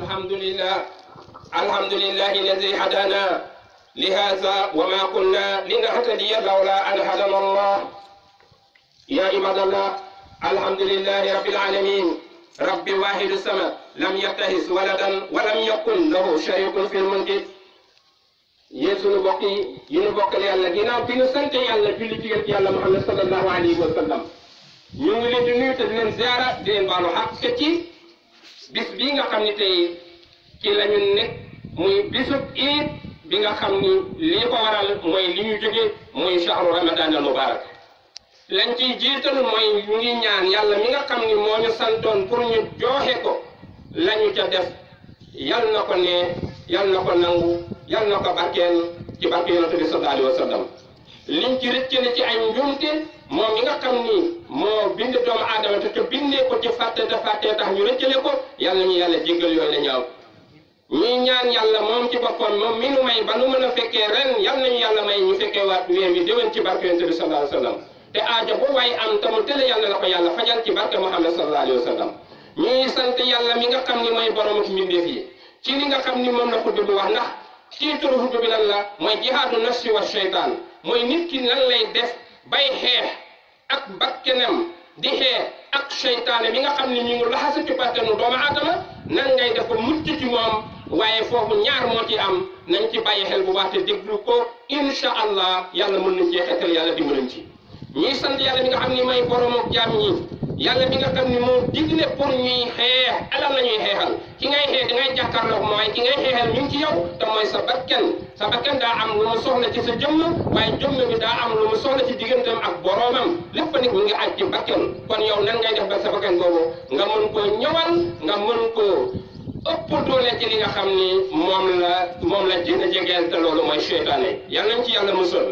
الحمد لله الحمد لله الذي هدانا لهذا وما كنا لنهتدي لولا ان هدانا الله يا عباد الله الحمد لله رب العالمين رب واحد السماء لم يتخذ ولدا ولم يكن له شريك في الملك يسون بقي ينبقى لي الله جينا في نسنت يالله في لتيجة يالله محمد صلى الله عليه وسلم يوم اللي دنيا تدين زيارة دين بارو حق كتي bis bi nga xam ni tey ci la ñu nekk muy bisub iid bi nga xam ni lii ko waral mooy li ñu jóge muy shahru ramadan al mubarak lañ ciy jiital mooy ñu ngi ñaan yàlla mi nga xam ni moo ñu santoon pour ñu jooxe ko lañu ca def yal na ko ne yal na ko nangu yal na ko barkeel ci barke yonent bi sallallahu alayhi wa liñ ci rëcc ci ay njuumte moom mi nga xam ni moo bind doomu aadama te te bindee ko ci fàtte te fàtte tax ñu rëccale ko yàlla ñu yàlla jéggal yooyu la ñaaw ñuy ñaan yàlla moom ci boppam moom mi nu may ba nu mën a fekkee ren yal nañu yàlla may ñu fekkee waat weer wi déwén ci barke yonent bi sallallahu alayhi wa sallam te aajo bu waaye am te mu tële yàlla la ko yàlla fajal ci barke Muhammad sallallahu alayhi wa sallam ñuy sant yàlla mi nga xam ni mooy borom mbindeef li nga xam ni moom la xutba bi wax ndax ci turu xutba bi lan la mooy jihaadu nafsi wa sheytaan mooy nit ki lan lay def bay xeex ak bakkenam di xeex ak seytaane mi nga xam ne mi ngi laxasu ci bakkanu doomu aadama nan ngay def ko mucc ci moom waaye foofu ñaar moo ci am nañ ci bàyyi xel bu baax te déglu ko incha allah yàlla mën nañ cee xetal yàlla dimbalañ ci ñuy sant yàlla mi nga xam ni may borom ak jaam ñi yàlla mi nga xam ne moom digle pour ñuy xeex alal la ñuy xeexal ki ngay xeex da ngay jàkkaarloog mooy ki ngay xeexal ñu ngi ci yow te mooy sa bakkan sa bakkan daa am lu mu soxla ci sa jëmm waaye jëmm bi daa am lu mu soxla ci digganteem ak boroomam lépp nag ñu ngi aj ci bakkan kon yow nan ngay def ba sa bakkan boobu nga mën koo ñëwal nga mën koo ëpp doole ci li nga xam ni moom la moom la jën a jegeel te loolu mooy seytaane yàlla nañ ci yàlla musal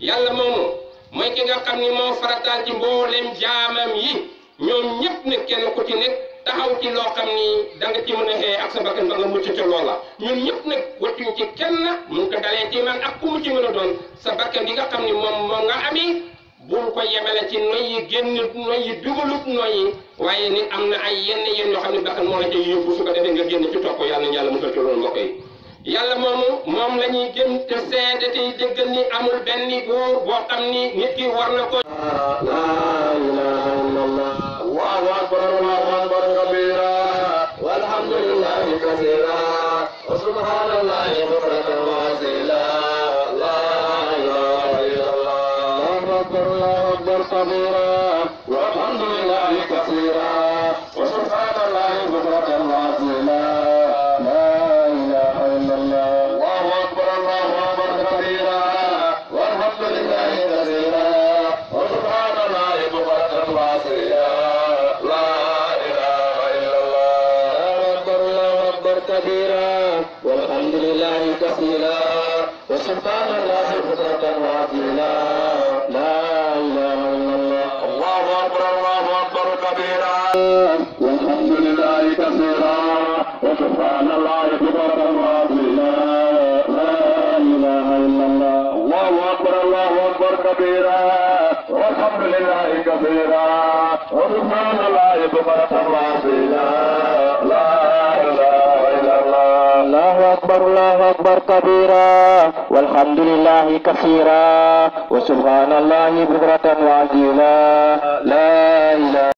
yàlla moomu mooy ki nga xam ni moo farataal ci mboolem jaamam yi ñoom ñëpp nag kenn ku ci nekk taxaw ci loo xam ni da nga ci mën a xee ak sa bakkan ba nga mucc ca loola ñun ñëpp nag wàccuñ ci kenn mun ko dalee ci man ak ku a doon sa bakkan bi nga xam ni moom moom nga amee bul ko yemale ci noy yi génn noy yi dugalut noy yi waaye ni am na ay yenn yenn yoo xam ne bakkan moo la ca yóbbu su ko defee nga génn ci topp yàlla na yàlla musal ci loolu mbokk yàlla moom la ñuy gëm te te déggal ni amul benn góor boo xam ni nit ki war na ko ah, سبحان الله بكرة وأصيلا لا إله إلا الله الله أكبر الله أكبر كبيرا والحمد لله كثيرا وسبحان الله بكرة وأصيلا لا إله إلا الله الله أكبر الله أكبر كبيرا والحمد لله كثيرا وسبحان الله بكرة وأصيلا لا إله إلا الله أكبر الله أكبر كبيرا والحمد لله كثيرا وسبحان الله بكرة وعزيلا لا إله إلا الله الله أكبر الله أكبر كبيرا والحمد لله كثيرا وسبحان الله بكرة وعزيلا لا إله إلا الله الله أكبر الله أكبر كبيرا والحمد لله كثيرا وسبحان الله بكرة وعزيلا الله أكبر كبيرا والحمد لله كثيرا وسبحان الله بكرة وعزيلا لا إله